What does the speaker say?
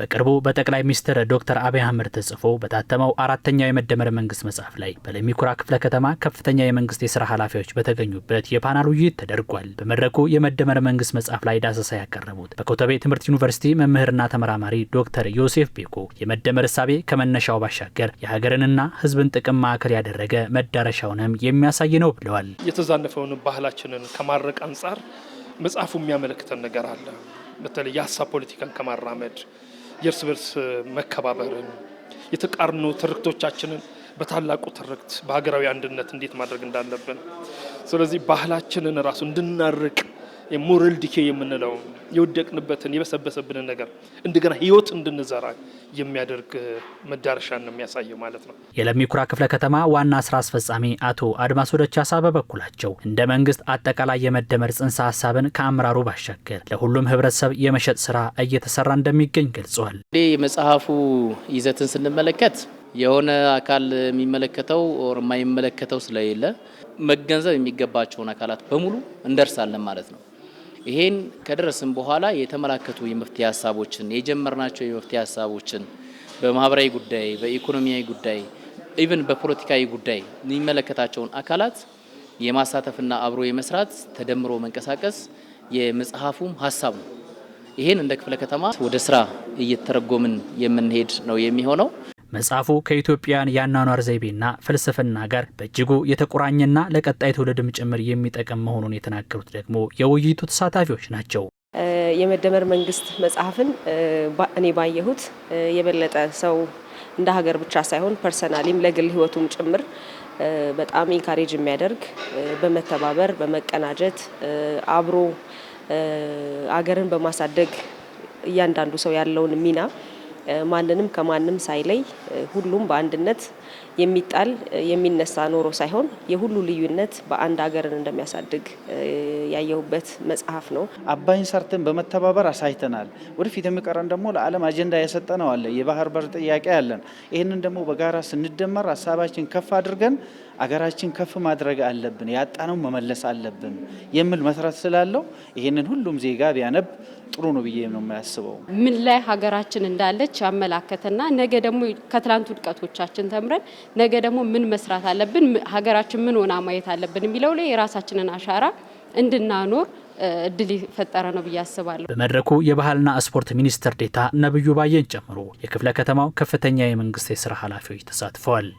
በቅርቡ በጠቅላይ ሚኒስትር ዶክተር አብይ አህመድ ተጽፎ በታተመው አራተኛው የመደመር መንግስት መጽሐፍ ላይ በለሚኩራ ክፍለ ከተማ ከፍተኛ የመንግስት የስራ ኃላፊዎች በተገኙበት የፓናል ውይይት ተደርጓል። በመድረኩ የመደመር መንግስት መጽሐፍ ላይ ዳሰሳ ያቀረቡት በኮተቤ ትምህርት ዩኒቨርሲቲ መምህርና ተመራማሪ ዶክተር ዮሴፍ ቤኮ የመደመር እሳቤ ከመነሻው ባሻገር የሀገርንና ህዝብን ጥቅም ማዕከል ያደረገ መዳረሻውንም የሚያሳይ ነው ብለዋል። የተዛነፈውን ባህላችንን ከማድረቅ አንጻር መጽሐፉ የሚያመለክተን ነገር አለ። በተለይ የሀሳብ ፖለቲካን ከማራመድ የእርስ በርስ መከባበርን የተቃርኖ ትርክቶቻችንን በታላቁ ትርክት በሀገራዊ አንድነት እንዴት ማድረግ እንዳለብን ስለዚህ ባህላችንን ራሱ እንድናርቅ ሞራል ዲኬ የምንለው የወደቅንበትን የበሰበሰብንን ነገር እንደገና ህይወት እንድንዘራ የሚያደርግ መዳረሻ ነው የሚያሳየው ማለት ነው። የለሚ ኩራ ክፍለ ከተማ ዋና ስራ አስፈጻሚ አቶ አድማስ ወደቻሳ በበኩላቸው እንደ መንግስት አጠቃላይ የመደመር ጽንሰ ሀሳብን ከአምራሩ ባሻገር ለሁሉም ህብረተሰብ የመሸጥ ስራ እየተሰራ እንደሚገኝ ገልጿል። የመጽሐፉ ይዘትን ስንመለከት የሆነ አካል የሚመለከተው የማይመለከተው ስለሌለ መገንዘብ የሚገባቸውን አካላት በሙሉ እንደርሳለን ማለት ነው። ይሄን ከደረስን በኋላ የተመላከቱ የመፍትሄ ሀሳቦችን የጀመርናቸው የመፍትሄ ሀሳቦችን በማህበራዊ ጉዳይ፣ በኢኮኖሚያዊ ጉዳይ፣ ኢቭን በፖለቲካዊ ጉዳይ የሚመለከታቸውን አካላት የማሳተፍና አብሮ የመስራት ተደምሮ መንቀሳቀስ የመጽሐፉም ሀሳብ ነው። ይሄን እንደ ክፍለ ከተማ ወደ ስራ እየተረጎምን የምንሄድ ነው የሚሆነው። መጽሐፉ ከኢትዮጵያን የአኗኗር ዘይቤና ፍልስፍና ጋር በእጅጉ የተቆራኘና ለቀጣይ ትውልድም ጭምር የሚጠቅም መሆኑን የተናገሩት ደግሞ የውይይቱ ተሳታፊዎች ናቸው። የመደመር መንግስት መጽሐፍን እኔ ባየሁት የበለጠ ሰው እንደ ሀገር ብቻ ሳይሆን ፐርሰናሊም ለግል ህይወቱም ጭምር በጣም ኢንካሬጅ የሚያደርግ በመተባበር በመቀናጀት አብሮ አገርን በማሳደግ እያንዳንዱ ሰው ያለውን ሚና ማንንም ከማንም ሳይለይ ሁሉም በአንድነት የሚጣል የሚነሳ ኖሮ ሳይሆን የሁሉ ልዩነት በአንድ ሀገርን እንደሚያሳድግ ያየሁበት መጽሐፍ ነው። አባይን ሰርተን በመተባበር አሳይተናል። ወደፊት የሚቀረን ደግሞ ለዓለም አጀንዳ የሰጠ ነው አለ። የባህር በር ጥያቄ አለን። ይህንን ደግሞ በጋራ ስንደመር ሀሳባችን ከፍ አድርገን አገራችን ከፍ ማድረግ አለብን፣ ያጣነው መመለስ አለብን የሚል መሰረት ስላለው ይህንን ሁሉም ዜጋ ቢያነብ ጥሩ ነው ብዬ ነው የማያስበው። ምን ላይ ሀገራችን እንዳለች ያመላከተና ነገ ደግሞ ከትላንት ውድቀቶቻችን ተምረን ነገ ደግሞ ምን መስራት አለብን፣ ሀገራችን ምን ሆና ማየት አለብን የሚለው ላይ የራሳችንን አሻራ እንድናኖር እድል የፈጠረ ነው ብዬ አስባለሁ። በመድረኩ የባህልና ስፖርት ሚኒስትር ዴታ ነብዩ ባየን ጨምሮ የክፍለ ከተማው ከፍተኛ የመንግስት የስራ ኃላፊዎች ተሳትፈዋል።